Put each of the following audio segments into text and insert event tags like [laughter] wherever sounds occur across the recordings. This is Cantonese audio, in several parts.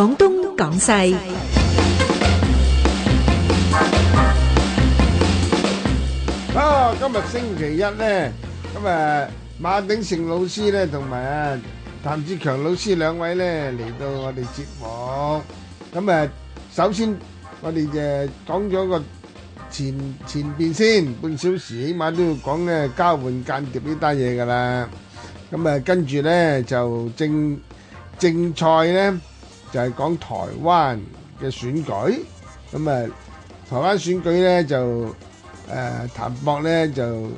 廣東講曬啊！今日星期一呢，咁啊馬鼎盛老師呢同埋啊譚志強老師兩位呢嚟到我哋節目，咁啊首先我哋就講咗個前前邊先，半小時起碼都要講呢交換間諜呢單嘢㗎喇，咁啊跟住呢就正正菜呢。就係講台灣嘅選舉，咁啊，台灣選舉呢就誒，譚博呢就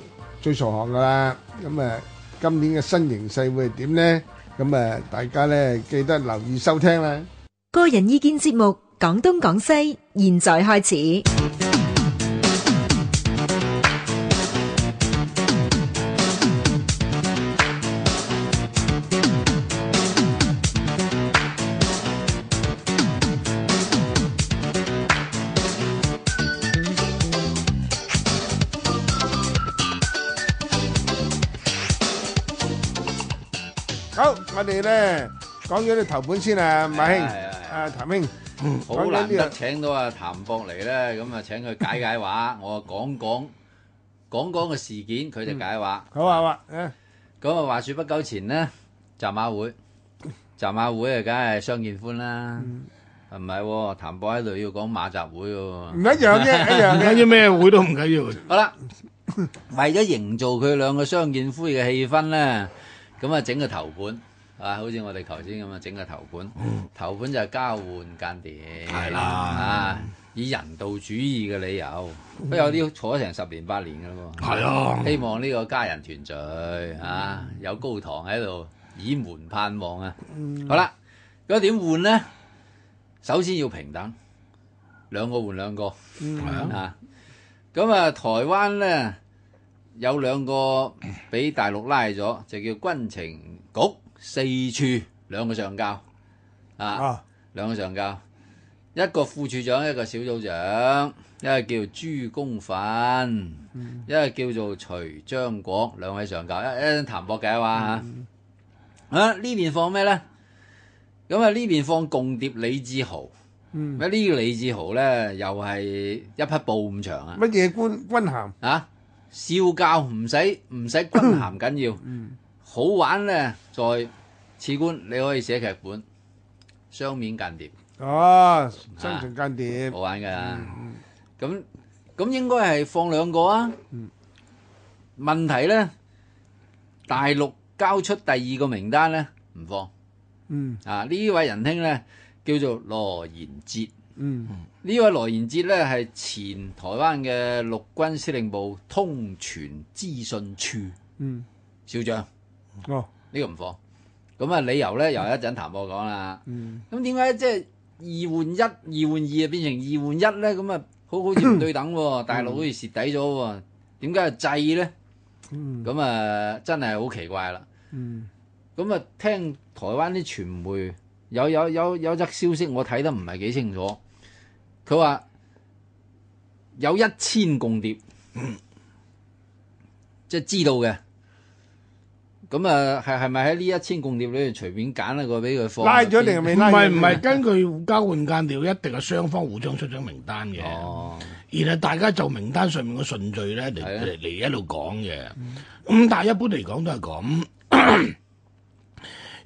最傻行㗎喇，咁啊，今年嘅新形勢會係點呢？咁啊，大家呢記得留意收聽啦。個人意見節目，講東講西，現在開始。好，我哋咧講咗啲頭盤先啊，馬兄，阿譚、啊啊啊、兄，好難得請到阿譚博嚟咧，咁啊， [laughs] 啊就請佢解解話，嗯、我講講講講個事件，佢就解話。好啊，好啊，咁啊，話說不久前呢，習馬會、習馬會啊，梗係相見歡啦，係唔係？譚博喺度要講馬習會喎，唔一樣嘅，一,一樣要咩 [laughs] 會都唔緊要。 [laughs] 好啦，為咗營造佢兩個相見歡嘅氣氛咧。咁啊，整個頭盤啊，好似我哋頭先咁啊，整個頭盤，頭盤就係交換間諜，係啦， [noise] 啊，啊，以人道主義嘅理由，都 [noise] 有啲坐成十年八年嘅喎，係 [noise] 啊，希望呢個家人團聚啊，有高堂喺度倚門盼望啊， [noise] 好啦，咁點換呢？首先要平等，兩個換兩個，係啊，咁 [noise] 啊， [noise] [noise] 台灣呢。有兩個俾大陸拉咗，就叫軍情局四處兩個上校啊，啊兩個上校，一個副處長，一個小組長，一個叫朱恭訓，嗯、一個叫做徐章國，兩位上校一一譚博嘅嘛嚇。啊呢邊放咩咧？咁啊呢邊放共諜李志豪。乜呢、嗯、個李志豪咧？又係一匹布咁長啊？乜嘢官軍銜啊？笑教唔使唔使軍銜緊要，好玩咧，在辭官你可以寫劇本，雙面間諜，啊，雙重間諜，好玩噶，咁咁應該係放兩個啊，問題咧，大陸交出第二個名單咧唔放，嗯，啊呢位仁兄咧叫做羅賢哲。嗯，呢位羅賢哲呢，係前台灣嘅陸軍司令部通傳資訊處，嗯，少將長，哦，呢個唔放，咁啊理由呢，又一陣談播講啦，咁點解即係二換一，二換二啊變成二換一呢？咁啊，好好似唔對等喎，嗯，大陸好似蝕底咗喎，點解又制呢？咁啊、嗯，真係好奇怪啦，嗯，咁啊、嗯、聽台灣啲傳媒有有有有則消息，我睇得唔係幾清楚。佢話有一千共諜， [noise] 即係知道嘅。咁啊，係係咪喺呢一千共諜裏邊隨便揀一個俾佢放？拉咗定係未？唔係唔係，根據交換間諜，一定係雙方互相出張名單嘅。哦，而係大家就名單上面嘅順序咧嚟嚟嚟一路講嘅。咁、嗯、但係一般嚟講都係咁咳咳。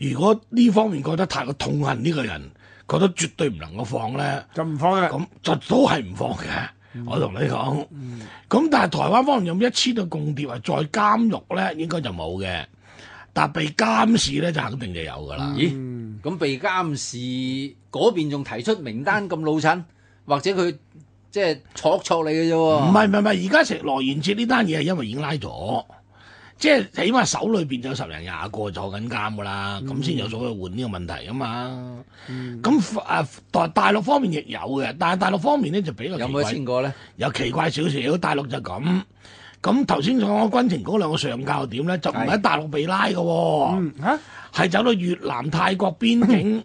如果呢方面覺得太過痛恨呢個人。佢都絕對唔能夠放咧，就唔放嘅，咁就都係唔放嘅。嗯、我同你講，咁、嗯、但係台灣方有用一千個共諜啊，在監獄咧應該就冇嘅，但係被監視咧就肯定就有㗎啦。嗯、咦？咁被監視嗰邊仲提出名單咁老襯，或者佢即係錯錯嚟嘅啫喎？唔係唔係唔係，而家食來源節呢單嘢係因為已經拉咗。即係起碼手裏邊有十零廿個坐緊監噶啦，咁先、嗯、有咗去換呢個問題啊嘛。咁、嗯、啊大大陸方面亦有嘅，但係大陸方面咧就比較有冇簽過咧？有奇怪小事，大陸就咁。咁頭先講軍情嗰兩個上校點咧，就唔係喺大陸被拉嘅、啊，嚇係、嗯、走到越南泰國邊境。嗯嗯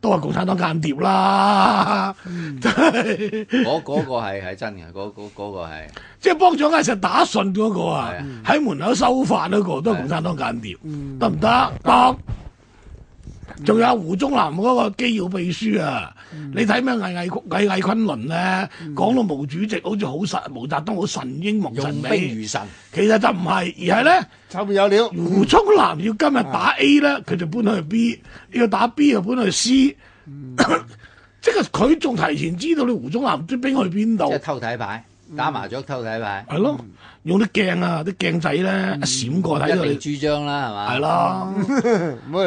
都係共產黨間諜啦！嗰嗰、嗯 [laughs] 那個係係真嘅，嗰、那、嗰個係，那個、即係幫蔣介石打信嗰、那個啊，喺、嗯、門口收發嗰、那個都係共產黨間諜，得唔得？得。仲、嗯、有胡宗南嗰個機要秘書啊！嗯、你睇咩《巍巍巍巍崑崙》呢？嗯、講到毛主席好似好實，毛澤東好神英神美，用兵如神。其實就唔係，而係咧，嗯、胡宗南要今日打 A 咧，佢、啊、就搬去 B；要打 B 就搬去 C、嗯。 [laughs] 即係佢仲提前知道你胡宗南啲兵去邊度？即係偷睇牌。打麻雀偷睇牌，係咯，用啲鏡啊，啲鏡仔咧閃過睇到你主張啦，係嘛？係啦，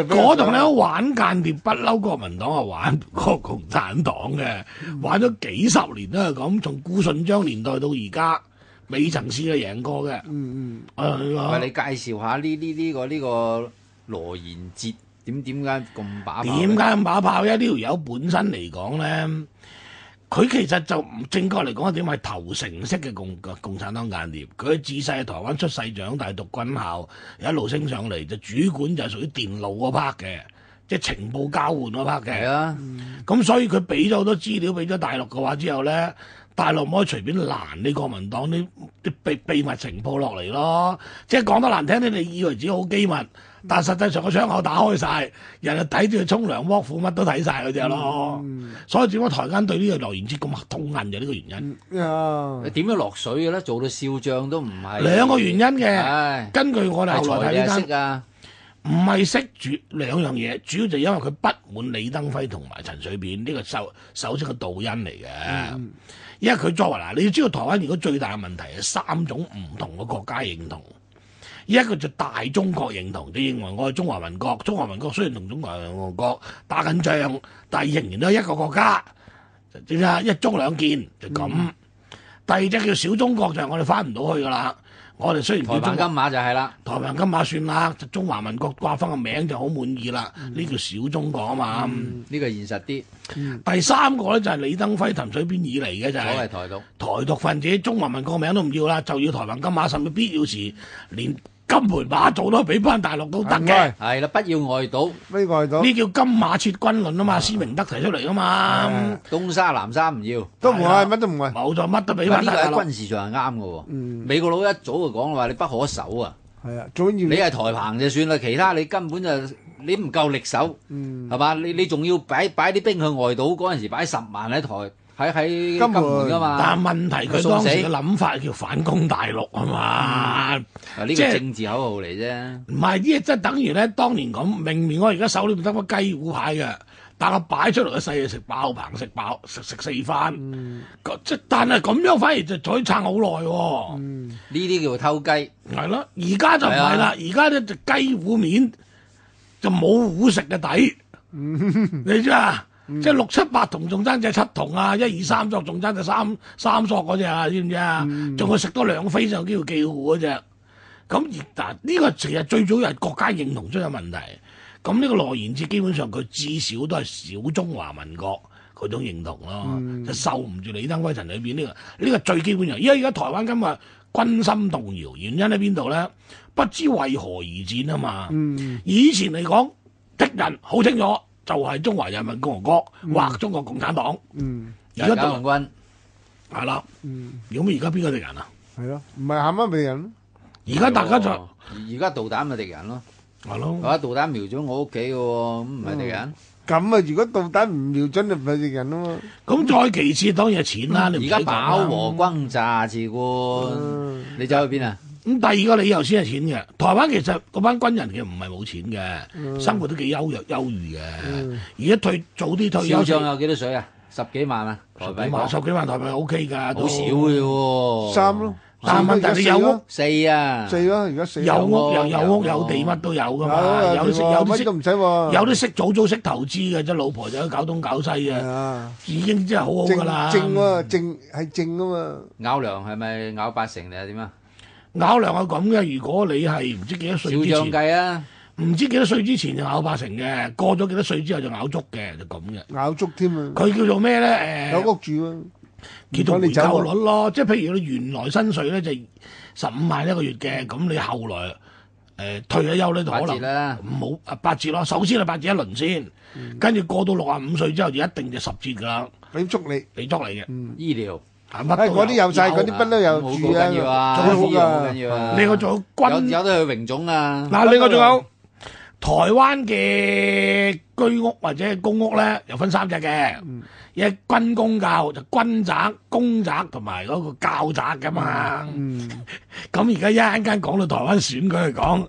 嗰度咧玩間諜，不嬲國民黨啊玩，過共產黨嘅，玩咗幾十年都係咁，講從顧順章年代到而家，未曾試過贏過嘅。嗯嗯，係你介紹下呢呢呢個呢個羅賢哲點點解咁把炮？點解咁把炮因為？呢條友本身嚟講咧。佢其實就唔正確嚟講，點係投誠式嘅共共產黨間諜。佢自細喺台灣出世長大，讀軍校，一路升上嚟就主管就係屬於電腦嗰 part 嘅，即係情報交換嗰 part 嘅。係啊、嗯，咁所以佢俾咗好多資料俾咗大陸嘅話之後咧，大陸唔可以隨便攔你國民黨啲啲秘秘密情報落嚟咯。即係講得難聽啲，你以為自己好機密，但實際上個窗口打開晒，人就睇住佢沖涼、摸褲，乜都睇晒佢啫咯。嗯、所以點解台灣對呢個留言節咁痛恨嘅呢、呢個原因？你點樣落水嘅咧？做到少將都唔係兩個原因嘅。唉根據我哋睇，後來嘅識啊，唔係識住兩樣嘢，主要就因為佢不滿李登輝同埋陳水扁呢、呢個首首先嘅導因嚟嘅。嗯、因為佢作為嗱，你要知道台灣如果最大嘅問題係三種唔同嘅國家認同。一個就大中國認同，就認為我係中華民國。中華民國雖然同中華民國打緊仗，但係仍然都係一個國家。點啊？一中兩建，就咁、是。嗯、第二隻叫小中國就係我哋翻唔到去噶啦。我哋雖然叫中金馬就係啦，台澎金馬算啦，中華民國掛翻個名就好滿意啦。呢、嗯、叫小中國啊嘛，呢、嗯、這個現實啲。嗯、第三個咧就係李登輝陳水扁以嚟嘅就係、是、台獨，台獨分子中華民國個名都唔要啦，就要台澎金馬，甚至必要時連金門馬祖都俾翻大陸都得嘅，係啦，不要外島，呢個外島呢叫金馬撤軍論啊嘛，施明德提出嚟噶嘛。東沙、南沙唔要，都唔係乜都唔係，冇錯乜都俾翻大陸。呢個喺軍事上係啱嘅喎，美國佬一早就講話你不可守啊。係啊，最緊要你係台澎就算啦，其他你根本就你唔夠力守，係嘛？你你仲要擺擺啲兵去外島嗰陣時，擺十萬喺台。喺喺金門噶嘛，但問題佢當時嘅諗法叫反攻大陸啊嘛，呢個政治口號嚟啫。唔係呢？即係等於咧，當年咁明明我而家手裏面得個雞糊牌嘅，但係擺出嚟嘅細嘢食爆棚，食飽食食四番。嗯、即但係咁樣反而就再撐好耐啊。呢啲、嗯、叫偷雞。係咯，而家就唔係啦。而家咧就雞糊面就冇糊食嘅底，嗯、 [laughs] 你知啊？即係六七八同仲爭住七同啊，一二三作仲爭住三三作嗰隻啊，知唔知啊？仲、嗯、要食多兩飛先有機會記戶嗰隻。咁而嗱呢個其實最早又係國家認同出咗問題。咁呢個羅延志基本上佢至少都係小中華民國嗰種認同咯，嗯、就受唔住李登輝層裏邊呢個呢、呢個最基本上，因為而家台灣今日軍心動搖，原因喺邊度咧？不知為何而戰啊嘛。嗯、以前嚟講，敵人好清楚。就係中華人民共和國或中國共產黨，而家都係軍，係啦。如果而家邊個敵人啊？係咯，唔係鹹乜敵人？而家大家就而家導彈咪敵人咯，係咯。而家導彈瞄咗我屋企嘅喎，咁唔係敵人。咁啊，如果導彈唔瞄準就唔係敵人啊嘛。咁再其次，當然係錢啦。你而家飽和轟炸住喎，你走去邊啊？咁第二個理由先係錢嘅。台灣其實嗰班軍人其實唔係冇錢嘅，生活都幾優弱優裕嘅。而家退早啲退休，有獎有幾多水啊？十幾萬啊，台幣。十幾萬台幣 O K 噶，好少嘅喎。三咯，三蚊，但係你有咯。四啊，四咯，而家四。有屋又有屋有地，乜都有噶嘛？有識有啲識都唔使喎。有啲識早早識投資嘅，即老婆就搞東搞西嘅，已經真係好好噶啦。正喎，正係正噶嘛。咬糧係咪咬八成定係點啊？咬糧係咁嘅，如果你係唔知幾多歲之前，少降計啊！唔知幾多歲之前就咬八成嘅，過咗幾多歲之後就咬足嘅，就咁嘅。咬足添啊！佢叫做咩咧？誒有屋住咯，叫做回扣率咯。即係譬如你原來薪水咧就十五萬一個月嘅，咁你後來誒退咗休咧就可能唔好啊八折咯，首先係八折一輪先，跟住過到六十五歲之後就一定就十折㗎啦。俾足你，俾足你嘅醫療。嗰啲有曬，嗰啲不嬲有住啊，嗰啲好緊要啊！另外仲有軍，有得去榮總啊！嗱、啊，另外仲有台灣嘅居屋或者公屋咧，又分三隻嘅，一軍、嗯、公教就軍宅、公宅同埋嗰個教宅噶嘛。咁而家一陣間講到台灣選舉嚟講。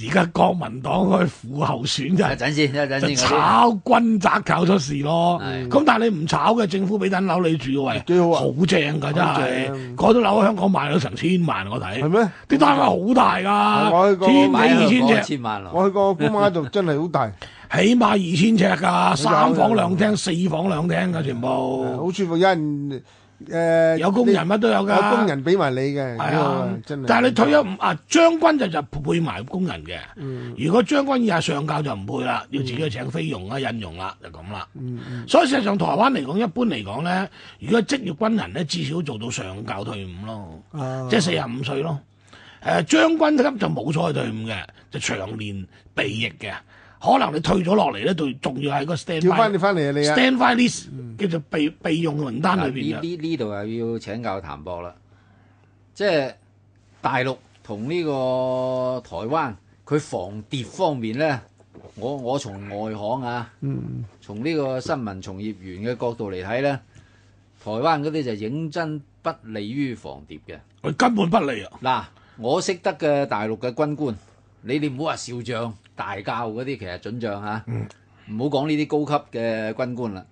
而家國民黨去副候選啫，等先，等先，炒軍宅搞出事咯。咁但係你唔炒嘅，政府俾等樓你住喂，好正㗎真係。嗰啲樓喺香港賣到成千萬，我睇。係咩？啲單位好大㗎，千幾二千尺！千萬，我去過個公屋就真係好大，起碼二千尺㗎，三房兩廳、四房兩廳㗎全部，好舒服，有人。誒，呃、有工人乜都有有工人俾埋你嘅。係啊，但係你退一五啊，將軍就就配埋工人嘅。嗯、如果將軍以下上校就唔配啦，嗯、要自己去請菲傭啊、印傭啦、啊，就咁啦。嗯嗯、所以事實上台灣嚟講，一般嚟講咧，如果職業軍人咧，至少做到上校退伍咯，嗯、即係四十五歲咯。誒、嗯，將、嗯、軍噉就冇所謂退伍嘅，就長年備役嘅。可能你退咗落嚟咧，就仲要喺個 stand，叫翻你翻嚟啊！你 stand by list 叫做備備用嘅名單裏邊。呢呢度又要請教譚博啦，即係大陸同呢個台灣，佢防諜方面咧，我我從外行啊，從呢、嗯、個新聞從業員嘅角度嚟睇咧，台灣嗰啲就認真不利於防諜嘅，佢根本不利啊！嗱，我識得嘅大陸嘅軍官，你哋唔好話少將。大教嗰啲其實准將吓，唔好講呢啲高級嘅軍官啦。